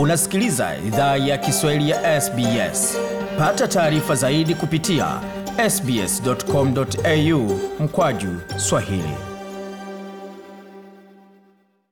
Unasikiliza idhaa ya Kiswahili ya SBS. Pata taarifa zaidi kupitia sbs.com.au mkwaju swahili.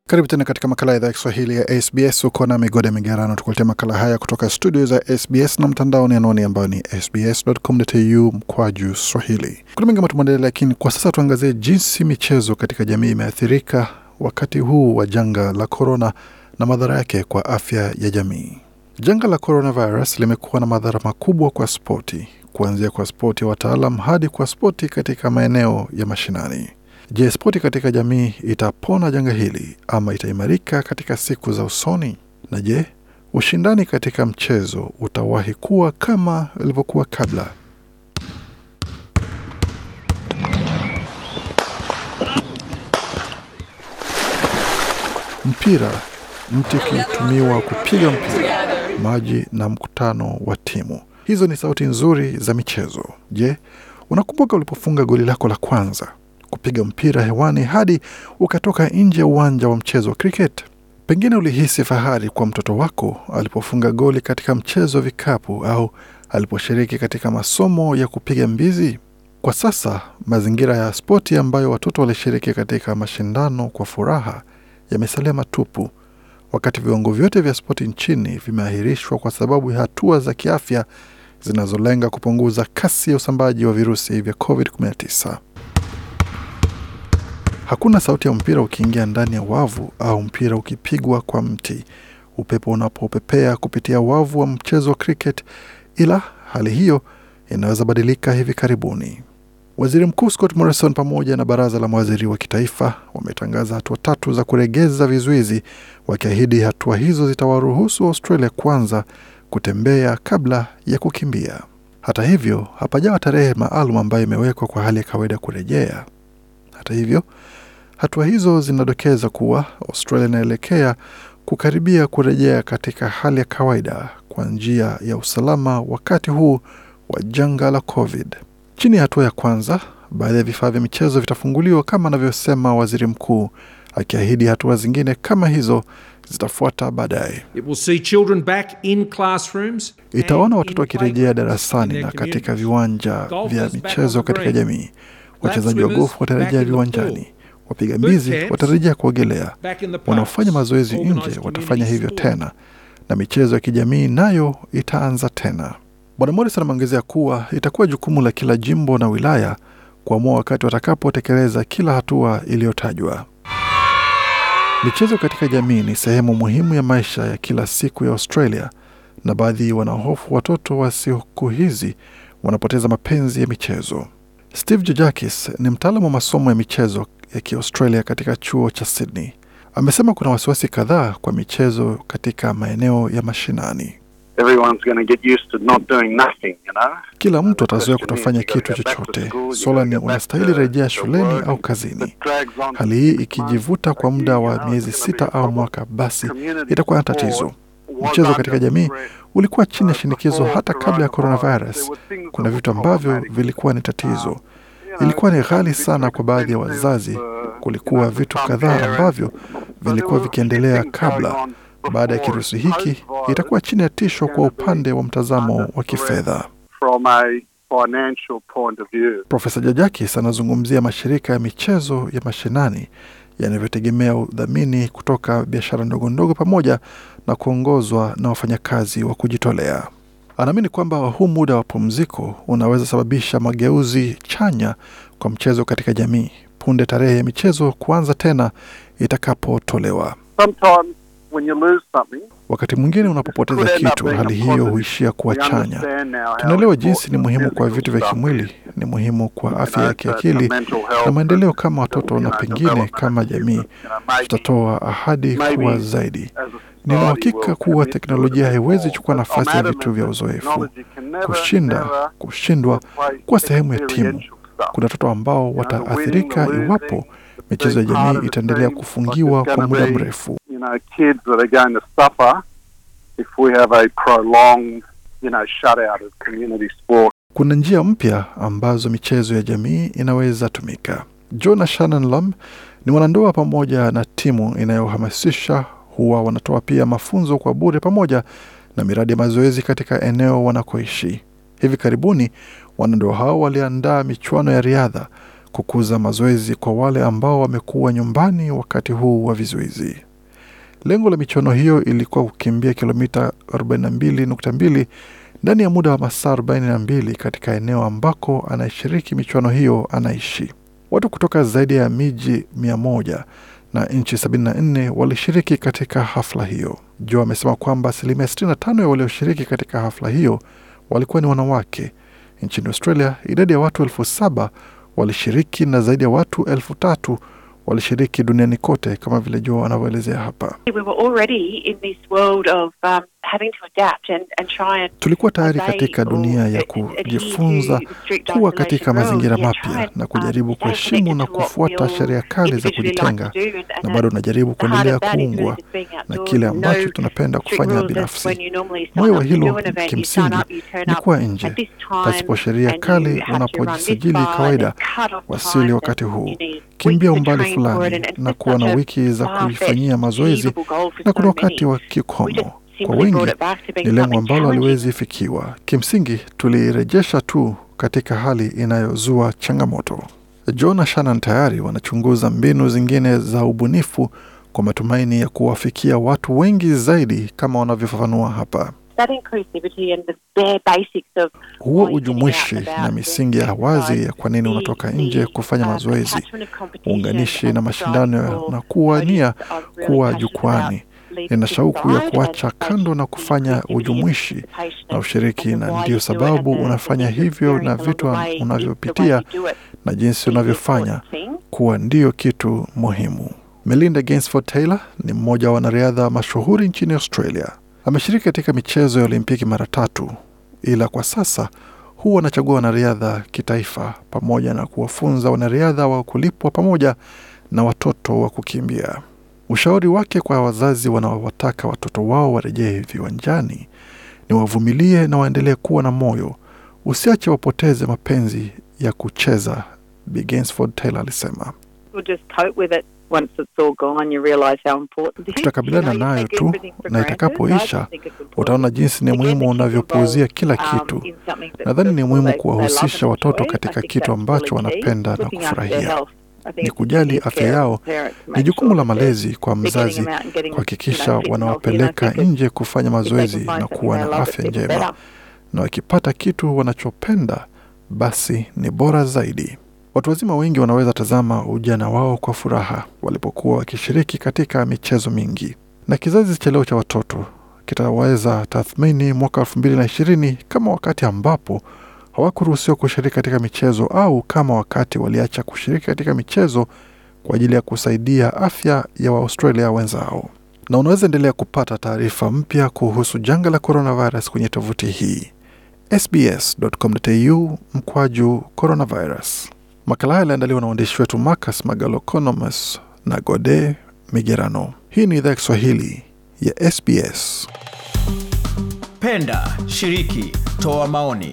Karibu tena katika makala ya idhaa ya Kiswahili ya SBS. Uko na migode migerano, tukuletea makala haya kutoka studio za SBS na mtandaoni, anaoni ambayo ni sbs.com.au mkwaju swahili. Kuna mengi ambayo lakini kwa sasa tuangazie jinsi michezo katika jamii imeathirika wakati huu wa janga la korona na madhara yake kwa afya ya jamii. Janga la coronavirus limekuwa na madhara makubwa kwa spoti, kuanzia kwa spoti ya wataalam hadi kwa spoti katika maeneo ya mashinani. Je, spoti katika jamii itapona janga hili ama itaimarika katika siku za usoni? Na je, ushindani katika mchezo utawahi kuwa kama ilivyokuwa kabla? Mpira mti kilitumiwa kupiga mpira, maji na mkutano wa timu. Hizo ni sauti nzuri za michezo. Je, unakumbuka ulipofunga goli lako la kwanza, kupiga mpira hewani hadi ukatoka nje ya uwanja wa mchezo wa kriketi? Pengine ulihisi fahari kwa mtoto wako alipofunga goli katika mchezo wa vikapu au aliposhiriki katika masomo ya kupiga mbizi. Kwa sasa mazingira ya spoti ambayo watoto walishiriki katika mashindano kwa furaha yamesalia matupu wakati viwango vyote vya spoti nchini vimeahirishwa kwa sababu ya hatua za kiafya zinazolenga kupunguza kasi ya usambaji wa virusi vya COVID-19. Hakuna sauti ya mpira ukiingia ndani ya wavu au mpira ukipigwa kwa mti, upepo unapopepea kupitia wavu wa mchezo wa cricket, ila hali hiyo inaweza badilika hivi karibuni. Waziri Mkuu Scott Morrison pamoja na baraza la mawaziri wa kitaifa wametangaza hatua tatu za kuregeza vizuizi, wakiahidi hatua hizo zitawaruhusu Australia kwanza kutembea kabla ya kukimbia. Hata hivyo, hapajawa tarehe maalum ambayo imewekwa kwa hali ya kawaida kurejea. Hata hivyo, hatua hizo zinadokeza kuwa Australia inaelekea kukaribia kurejea katika hali ya kawaida kwa njia ya usalama wakati huu wa janga la COVID. Chini ya hatua ya kwanza, baadhi ya vifaa vya michezo vitafunguliwa kama anavyosema waziri mkuu, akiahidi hatua zingine kama hizo zitafuata baadaye. Itaona watoto wakirejea darasani na katika viwanja vya michezo katika jamii. Wachezaji wa gofu watarejea viwanjani, wapiga mbizi watarejea kuogelea, wanaofanya mazoezi nje watafanya hivyo tena, na michezo ya kijamii nayo itaanza tena. Bwana Morrison ameongezea kuwa itakuwa jukumu la kila jimbo na wilaya kuamua wakati watakapotekeleza kila hatua iliyotajwa. Michezo katika jamii ni sehemu muhimu ya maisha ya kila siku ya Australia, na baadhi wanahofu watoto wa siku hizi wanapoteza mapenzi ya michezo. Steve Jojakis ni mtaalamu wa masomo ya michezo ya Kiaustralia katika chuo cha Sydney. Amesema kuna wasiwasi kadhaa kwa michezo katika maeneo ya mashinani. Kila mtu atazoea kutofanya kitu chochote. Swala ni unastahili rejea shuleni au kazini. Hali hii ikijivuta kwa muda wa miezi sita au mwaka, basi itakuwa na tatizo. Mchezo katika jamii ulikuwa uh, chini ya shinikizo hata kabla ya coronavirus. Kuna vitu ambavyo vilikuwa ni tatizo, uh, ilikuwa ni ghali sana kwa baadhi ya wazazi. Uh, Kulikuwa vitu kadhaa ambavyo vilikuwa vikiendelea kabla baada ya kirusi hiki itakuwa chini ya tisho kwa upande wa mtazamo wa kifedha. Profesa Jajakis anazungumzia mashirika ya michezo ya mashinani yanavyotegemea udhamini kutoka biashara ndogo ndogo pamoja na kuongozwa na wafanyakazi wa kujitolea. Anaamini kwamba huu muda wa pumziko unaweza sababisha mageuzi chanya kwa mchezo katika jamii punde tarehe ya michezo kuanza tena itakapotolewa. When you lose wakati mwingine unapopoteza kitu, hali hiyo huishia kuwa chanya. Tunaelewa jinsi ni muhimu kwa vitu vya kimwili, ni muhimu kwa afya ya kiakili na maendeleo kama watoto na pengine kama jamii. Tutatoa ahadi kuwa zaidi. Nina uhakika kuwa teknolojia haiwezi chukua nafasi ya vitu vya uzoefu. Kushinda, kushindwa, kuwa sehemu ya timu. Kuna watoto ambao wataathirika iwapo Michezo ya jamii itaendelea kufungiwa kwa muda mrefu. Kuna njia mpya ambazo michezo ya jamii inaweza tumika. Jo na Shannon Lam ni wanandoa pamoja na timu inayohamasisha huwa wanatoa pia mafunzo kwa bure pamoja na miradi ya mazoezi katika eneo wanakoishi. Hivi karibuni wanandoa hao waliandaa michuano ya riadha kukuza mazoezi kwa wale ambao wamekuwa nyumbani wakati huu wa vizuizi. Lengo la michuano hiyo ilikuwa kukimbia kilomita 42.2 ndani ya muda wa masaa 42 katika eneo ambako anayeshiriki michuano hiyo anaishi. Watu kutoka zaidi ya miji 100 na nchi 74 walishiriki katika hafla hiyo. Jo amesema kwamba asilimia 65 ya walioshiriki katika hafla hiyo walikuwa ni wanawake. Nchini Australia, idadi ya watu elfu saba walishiriki na zaidi ya watu elfu tatu walishiriki duniani kote, kama vile jo anavyoelezea hapa. We were already in this world of, um... Tulikuwa tayari katika dunia ya kujifunza kuwa katika mazingira mapya na kujaribu kuheshimu na kufuata sheria kali za kujitenga, na bado unajaribu kuendelea kuungwa na kile ambacho tunapenda kufanya binafsi. Moyo wa hilo kimsingi ni kuwa nje pasipo sheria kali. Unapojisajili kawaida, wasili wakati huu, kimbia umbali fulani na kuwa na wiki za kuifanyia mazoezi, na kuna wakati wa kikomo kwa wingi ni lengo ambalo haliwezi fikiwa. Kimsingi tulirejesha tu katika hali inayozua changamoto. John na Shannon tayari wanachunguza mbinu zingine za ubunifu kwa matumaini ya kuwafikia watu wengi zaidi, kama wanavyofafanua hapa. Huo ujumuishi na misingi ya wazi ya kwa nini unatoka nje uh, kufanya mazoezi, uunganishi na mashindano na kuwania kuwa jukwani ina shauku ya kuacha kando na kufanya ujumuishi na ushiriki, na ndiyo sababu unafanya hivyo na vitu unavyopitia na jinsi unavyofanya kuwa ndiyo kitu muhimu. Melinda Gainford Taylor ni mmoja wa wanariadha mashuhuri nchini Australia. Ameshiriki katika michezo ya Olimpiki mara tatu, ila kwa sasa huwa anachagua wanariadha kitaifa pamoja na kuwafunza wanariadha wa kulipwa pamoja na watoto wa kukimbia. Ushauri wake kwa wazazi wanaowataka watoto wao warejee viwanjani ni wavumilie na waendelee kuwa na moyo, usiache wapoteze mapenzi ya kucheza. Bi Gansford Taylor alisema tutakabiliana nayo tu na itakapoisha, utaona jinsi ni muhimu unavyopuuzia kila um, kitu. Nadhani ni muhimu kuwahusisha watoto katika kitu ambacho wanapenda na kufurahia ni kujali afya yao. Ni jukumu la malezi kwa mzazi kuhakikisha wanawapeleka nje kufanya mazoezi na kuwa na afya njema, na wakipata kitu wanachopenda basi ni bora zaidi. Watu wazima wengi wanaweza tazama ujana wao kwa furaha walipokuwa wakishiriki katika michezo mingi, na kizazi cha leo cha watoto kitaweza tathmini mwaka elfu mbili na ishirini kama wakati ambapo hawakuruhusiwa kushiriki katika michezo au kama wakati waliacha kushiriki katika michezo kwa ajili ya kusaidia afya ya Waaustralia wenzao. Na unaweza endelea kupata taarifa mpya kuhusu janga la coronavirus kwenye tovuti hii sbs.com.au mkwaju coronavirus. Makala haya yaliandaliwa na waandishi wetu Marcus Magalokonomus na Gode Migerano. Hii ni idhaa ya Kiswahili ya SBS. Penda, shiriki, toa maoni